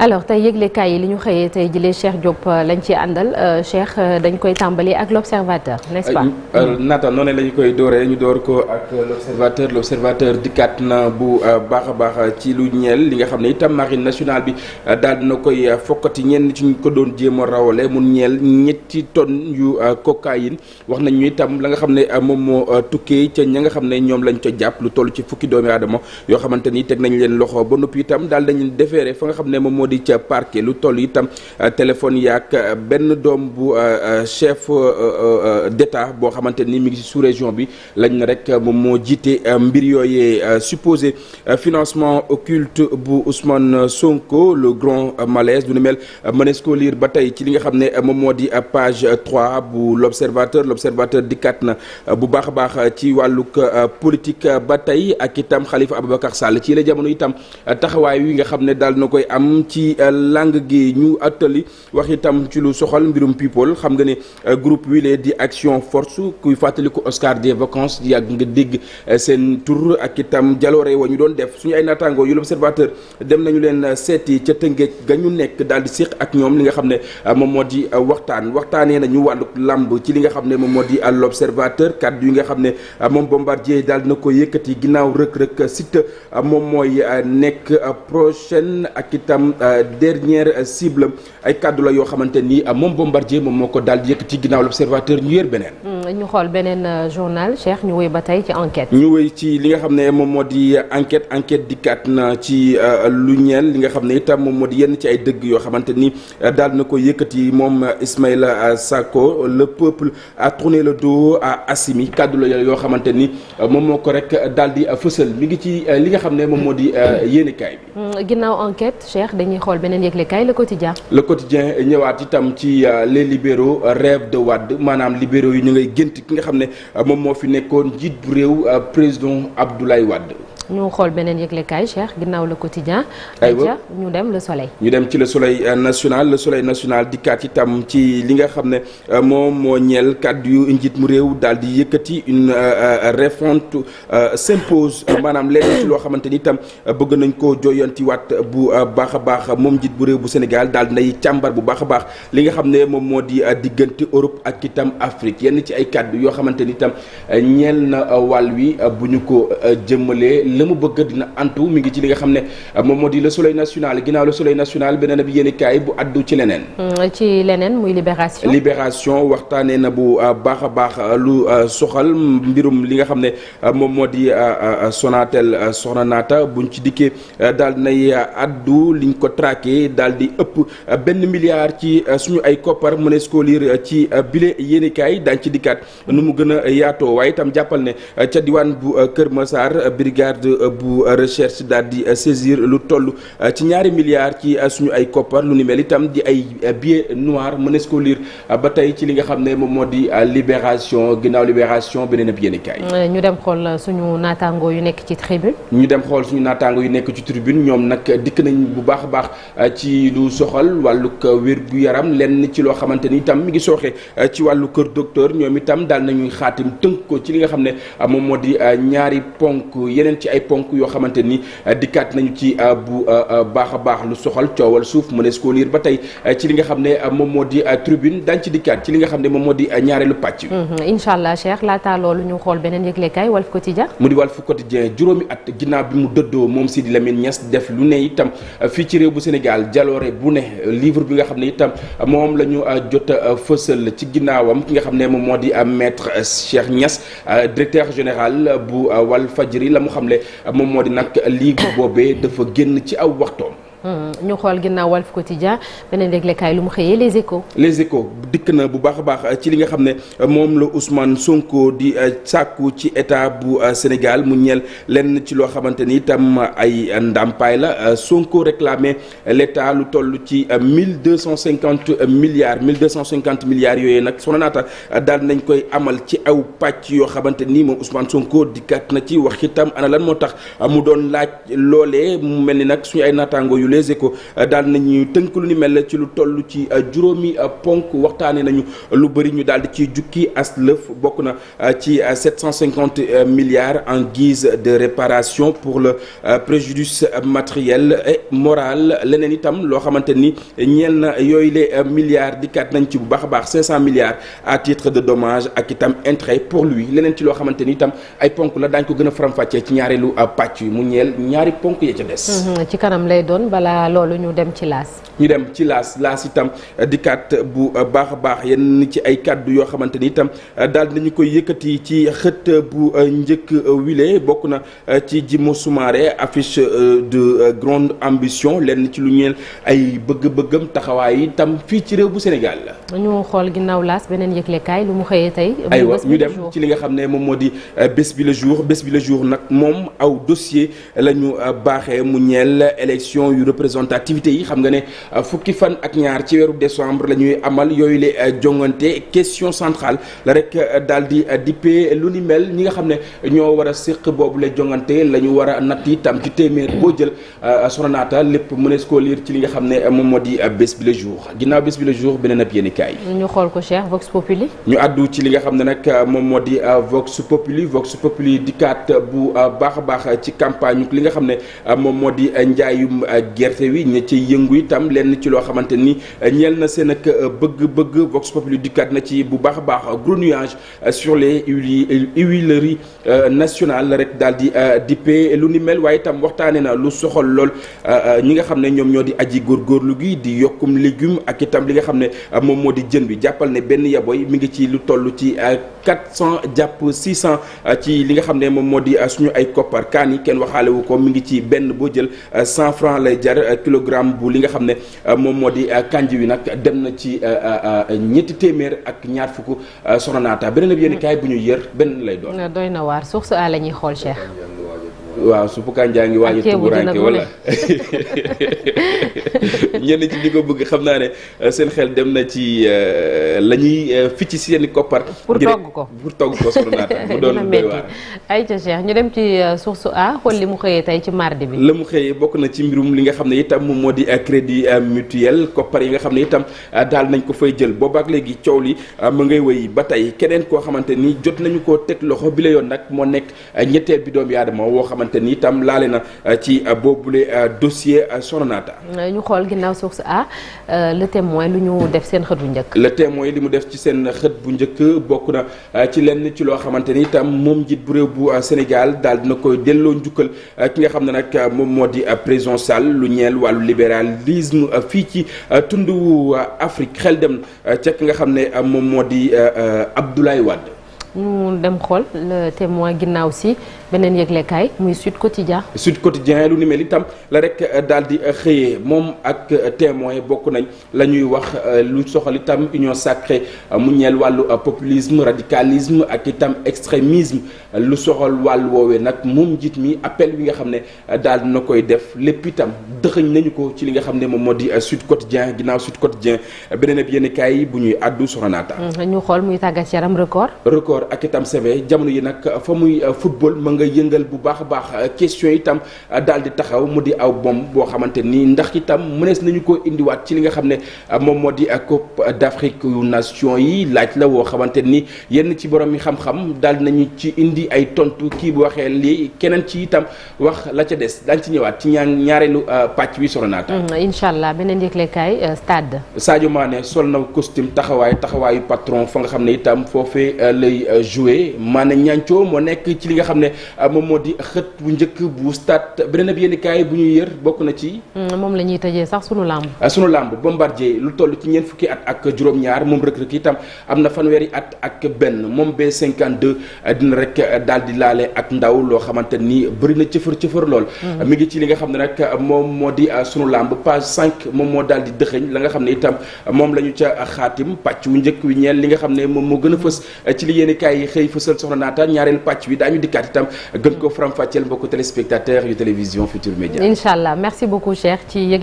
alors tey yëglekaay yi li ñu xëyee tey jii Cheikh Diop euh, lañ ci àndal euh, Cheikh euh, dañ koy tàmbali ak l'observateur n'est-ce pas. Nathan noonu la ñu koy dooree ñu door ko ak l'observateur l'observateur dikkaat na bu baax a baax ci lu ñeel li nga xam ne itam marine nationale bi daal dina koy fokkati ñenn ci ñu ko doon jéem a rawale mun ñeel ñetti tonnes yu cocaïne wax nañ ñu itam la nga xam ne moom moo tukkee ca ña nga xam ne ñoom lañ ca jàpp lu toll ci fukki doomi aadama yoo xamante ni teg nañ leen loxo ba noppi itam daal dañu xam ne moom moo di ca parquet lu toll itam euh, téléphone yaak euh, benn doom bu euh, chef d'état boo xamante ni mingi ngi sous-région bi lañ na rek moom moo jiite mbir yooyee supposé financement occulte bu Ousmane Sonko le grand malaise du ne mel mënees ko ba tey ci li nga xam ne moom moo di page 3 bu l'observateur l'observateur dikkaat na bu baax a baax ci wàllug politique ba tey ak itam xalifa Ababacar Sall ci la jamono itam taxawaay wi nga xam ne daal na koy am ci ci euh, langue gi ñu attali wax itam ci lu soxal mbirum people xam nga ne euh, groupe wile di action force kuy fàttali ko Oscar des vacances yàgg nga dégg euh, seen tur ak itam jaloore wa ñu doon def suñu ay naataangoo yu l'observateur dem nañu leen seeti ca Tëngéej ga ñu nekk daal di séq ak ñoom li nga xam ne moom moo di waxtaan waxtaanee nañu wàllu làmb ci li nga xam ne moom moo di l'observateur kàddu yi nga xam ne moom bombardier daal dina ko yëkkati ginnaaw rëkk rëkk site moom mooy nekk ak dernière cible ay kàddu yoo xamante ni moom moom moo ko daal di yëkkati ginnaaw l'observateur ñu yër beneen. Mm, ñu xool beneen euh, journal Cheikh ñu wéy ba tey ci enquête. ñu wéy ci li nga xam ne moom moo di enquête enquête dikkaat na ci euh, lu ñeel li nga xam ne itam moom moo di yenn ci ay dëgg yoo xamante ni euh, daal na ko yëkkati moom Ismaïla Sako le peuple a la le dos à Assimi kàddu yoo xamante ni moom moo ko rek daal di fësal mi ngi ci li nga xam ne moom moo di yéenekaay bi. Mm, ginnaaw enquête Cheikh dañuy dañuy xool beneen yëglekaay le quotidien le quotidien ñëwaat itam ci euh, les libéraux rêve de Wade maanaam libéraux yi ñu ngay gént ki nga xam ne euh, moom moo fi nekkoon njiit bu réew euh, président Abdoulaye Wade ñu xool beneen yëglekaay Cheikh ginnaaw la quotidien aywa ñu dem le soleil ñu dem ci le soleil euh, national le soleil national dikkaat itam ci li nga xam ne euh, moom moo ñeel kàddu yu njiit mu réew daal di yëkkati une euh, refonte pose maanaam leneen ci loo xamante ni itam bëgg nañ koo jooyantiwaat bu baax a baax moom njiit bu réew bu Sénégal daal dinay càmbar bu baax a baax li nga xam ne moom moo di diggante Europe ak itam Afrique yenn ci ay kàddu yoo xamante ni itam ñeel na wàll wi bu ñu ko jëmmalee la mu bëgg dina antu mi ngi ci li nga xam ne euh, moom moo di le soleil national ginnaaw le soleil national beneen ab yéeni kaay bu addu ci leneen mm, ci leneen muy libération libération waxtaanee na bu euh, baax a baax euh, lu soxal mbirum li nga xam ne moom moo di Sonatel soxna naata buñ ci dikkee daal dinay addu liñ ko traqué dal di ëpp benn milliard ci suñu ay koppar mënees ci bile yéeni kaay ci dikkaat nu mu gën a yaatoo waaye itam jàppal ne ca diwaan bu Kër Massar cadre bu euh, euh, recherche daal di euh, saisir lu toll ci ñaari milliards ci suñu ay koppar lu ni mel itam di ay billets noirs mënees ko ba tey ci li nga xam ne moom moo di libération ginnaaw libération beneen ab yéenekaay ñu dem xool suñu naataango yu nekk ci tribune. ñu dem xool suñu naataango nekk ci tribune ñoom nag dikk nañ bu baax a baax ci lu soxal wàllug wér gu yaram lenn ci loo xamante ni itam mu ngi sooxe ci wàllu kër docteur ñoom itam daal nañuy xaatim tënk ko ci li nga xam ne moom moo di ñaari ponk ay ponk yoo xamante ni euh, dikkaat nañu ci euh, bu euh, baax a baax lu soxal coowal suuf mënees koo liir ba tey ci li nga xam ne moom moo di tribune daañu ci dikkaat ci li nga xam ne moom moo di ñaareelu pàcc. Mm-hmm. incha allah Cheikh laata loolu ñu xool beneen yëglekaay Walf Quotidien. mu di Walf Quotidien bu Sénégal jaloore bu bi nga xam ne itam moom la ñu jot a fësal ci ginnaawam ki nga xam ne moom moo di maître Cheikh Niass directeur général bu Walfadjri la mu xamle moom moo di nag ligue boobe dafa génn ci aw waxtoom Euh, ñu xool ginnaaw Walf Quotidien beneen réglekaay lu mu xëyee les échos. les échos dikk na bu baax a baax ci li nga xam ne moom la Ousmane Sonko di euh, sàkku ci état bu euh, Sénégal mu ñeel lenn ci loo xamante ni itam ay ndàmpaay la Sonko réclamé l' état lu toll ci mille deux cent cinquante milliards mille deux cent cinquante milliards yooyu nag soxna naata daal nañ koy amal ci aw pàcc yoo xamante nii moom Ousmane Sonko dikkaat na ci wax itam ana lan moo tax mu doon laaj loolee mu mel ni nag suñu ay naataango yu. ñu Les Échos euh, daal nañu tënk lu ni mel ci lu tollu ci euh, juróomi euh, ponk waxtaane nañu lu bëri ñu daal di ci jukki as lëf bokk na ci 750 milliards en guise de réparation pour le préjudice matériel et moral leneen itam loo xamante ni ñeel na yooyu le milliards dikkaat nañ ci bu baax a baax 500 milliards à titre de dommage ak itam intérêt pour lui leneen ci loo xamante ni itam ay ponk la daañ ko gën a faram-fàccee ci ñaareelu pàcc yi mu ñeel ñaari ponk ya ca des. Mmh, ci kanam lay doon balaa loolu ñu dem ci laas. ñu dem ci laas laas itam dikkaat bu baax a baax yenn ci ay kàddu yoo xamante ni itam daal nañu koy yëkkati ci xët bu njëkk wile bokk na ci Jimo Soumaré affiche de grande ambition lenn ci lu ñeel ay bëgg-bëggam taxawaay itam fii ci réew bu Sénégal. ñu xool ginnaaw laas beneen yëglekaay lu mu xëyee tey. aywa ñu dem ci li nga xam ne moom moo di euh, bés bi le jour bés bi jour nag moom aw dossier la ñu euh, baaxee mu ñeel élection yu représentativité yi xam nga ne euh, fukki fan ak ñaar ci weeru décembre la ñuy amal yooyu la jongante question centrale la rek daal di dippee lu ni mel ñi nga xam ne ñoo war a séq boobu la jongante la ñu war a natt itam ci téeméer boo jël sonaata lépp mënees koo liir ci li nga xam ne moom moo di bés bi le jour ginnaaw bés bi le jour beneen ab yéen kaay. ñu xool ko Cheikh Vox Populi. ñu àddu ci li nga xam ne nag euh, moom moo di euh, Vox Populi Vox Populi dikkaat euh, bu baax a ci campagne li nga xam ne moom moo di njaayum gerte wi ña ci yëngu itam lenn ci loo xamante ni ñeel seen ak bëgg-bëgg Vox Populi dikkaat na ci bu baax a baax gros nuage sur les huileries nationales rek daal di dippe lu ni mel waaye itam waxtaane na lu soxal lool ñi nga xam ne ñoom ñoo di aji góorlu gi di yokkum légume ak itam li nga xam ne moom moo di jën bi jàppal ne benn yaboy mu ngi ci lu tollu ci 400 euh, jàpp 600 euh, ci li nga xam ne moom moo di euh, suñu ay koppar kaan yi kenn waxaale wu ko mi ngi ci benn boo jël 100 francs lay jar kilogramme bu li nga xam ne moom moo di kanj wi nag dem na ci ñetti téeméer ak ñaar fukk soxna naata beneen ab yéen kaay bu ñu yër benn lay doon. doy na waar source a la ñuy xool Cheikh. waaw suppu kanjaa ngi ñenn ci ñi ko bëgg xam naa ne euh, seen xel dem na ci euh, la ñuy euh, ficc si seen koppar. pour togg ko pour togg ko sunu naata mu doon doy waar. ayca Cheikh ñu dem ci source A xool li mu xëyee tey ci mardi bi. la mu xëyee bokk na ci mbirum li nga xam ne itam moom moo di crédit mutuel koppar yi nga xam ne itam daal nañ ko fay jël boobaak léegi coow li mu ngay wëy ba tey keneen koo xamante ni jot nañu ko teg loxo bi la yoon nag moo nekk ñetteel bi doomu aadama woo xamante ni itam laale na ci boobule Maranatha. ñu xool ginnaaw source a euh, le témoin lu ñu def seen xët bu njëkk. le témoin li mu def ci seen xët bu njëkk bokk na euh, ci lenn ci loo xamante ni itam moom njiit bu réew bu euh, Sénégal daal dina koy delloo njukkal ki nga xam ne nag moom moo di président lu ñeel wàllu libéralisme fii ci tundu Afrique xel dem ca ki nga xam ne moom moo di Abdoulaye Wade. ñu dem xool le témoin ginnaaw si. beneen yëglekaay muy Sud Quotidien Sud Quotidien lu ni mel itam la rek euh, daal di euh, xëyee moom ak euh, témoin bokk nañ la ñuy wax lu soxal itam union sacrée mu ñeel wàllu populisme radicalisme ak itam extrémisme lu soxal wàll woowee nag moom njiit mi appel bi nga xam ne daal na koy def lépp itam dëxëñ nañu ko ci li nga xam ne moom moo di Sud Quotidien ginnaaw Sud Quotidien beneen ab yéenekaay bu ñuy àddu soxnaata mm, ñu xool muy tàggat yaram record record ak itam seve jamono yi nag fa muy football nga yëngal bu baax a baax euh, question itam euh, daal di taxaw mu di aw bomb boo xamante nii ndax itam mënees nañu ko indiwaat ci li nga xam ne euh, moom moo di Coupe d'Afrique yu nation yi laaj la woo xamante ni yenn ci borom yi xam-xam daal nañu ci indi ay tontu kii bu waxee lii keneen ci itam wax la ca des daañu ci ñëwaat ci ñaar ñaareelu pàcc bi sonaata. Mm, incha allah beneen yëglekaay stade. Sadio Mané sol na costume taxawaay taxawaayu patron fa nga xam ne itam foofee lay joué Mané ñancoo moo nekk ci li nga xam ne. Euh, moom moo di xët bu njëkk bu stade beneen ab yéenekaay bu ñuy yër bokk na ci. Mm, moom la ñuy tëjee sax sunu làmb. Euh, sunu làmb bombardier lu toll ci ñeent fukki at ak juróom-ñaar moom rëkk-rëkk itam am na fanweeri at ak benn moom B52 euh, dina rek daal di laale ak ndaw loo xamante ni bëri na cëfër cëfër lool. Mm. mi ngi ci li nga xam ne nag moom moo di sunu làmb page cinq moom moo daal di dëxëñ la nga xam ne itam moom lañu ca xaatim pàcc wu njëkk wi ñeel li nga xam ne moom moo gën a fës ci li yéenekaay yi xëy fësal soxna naata ñaareelu pàcc wi daañu dikkaat itam gën ko faram télévision Futur Média. incha merci beaucoup Cheikh ci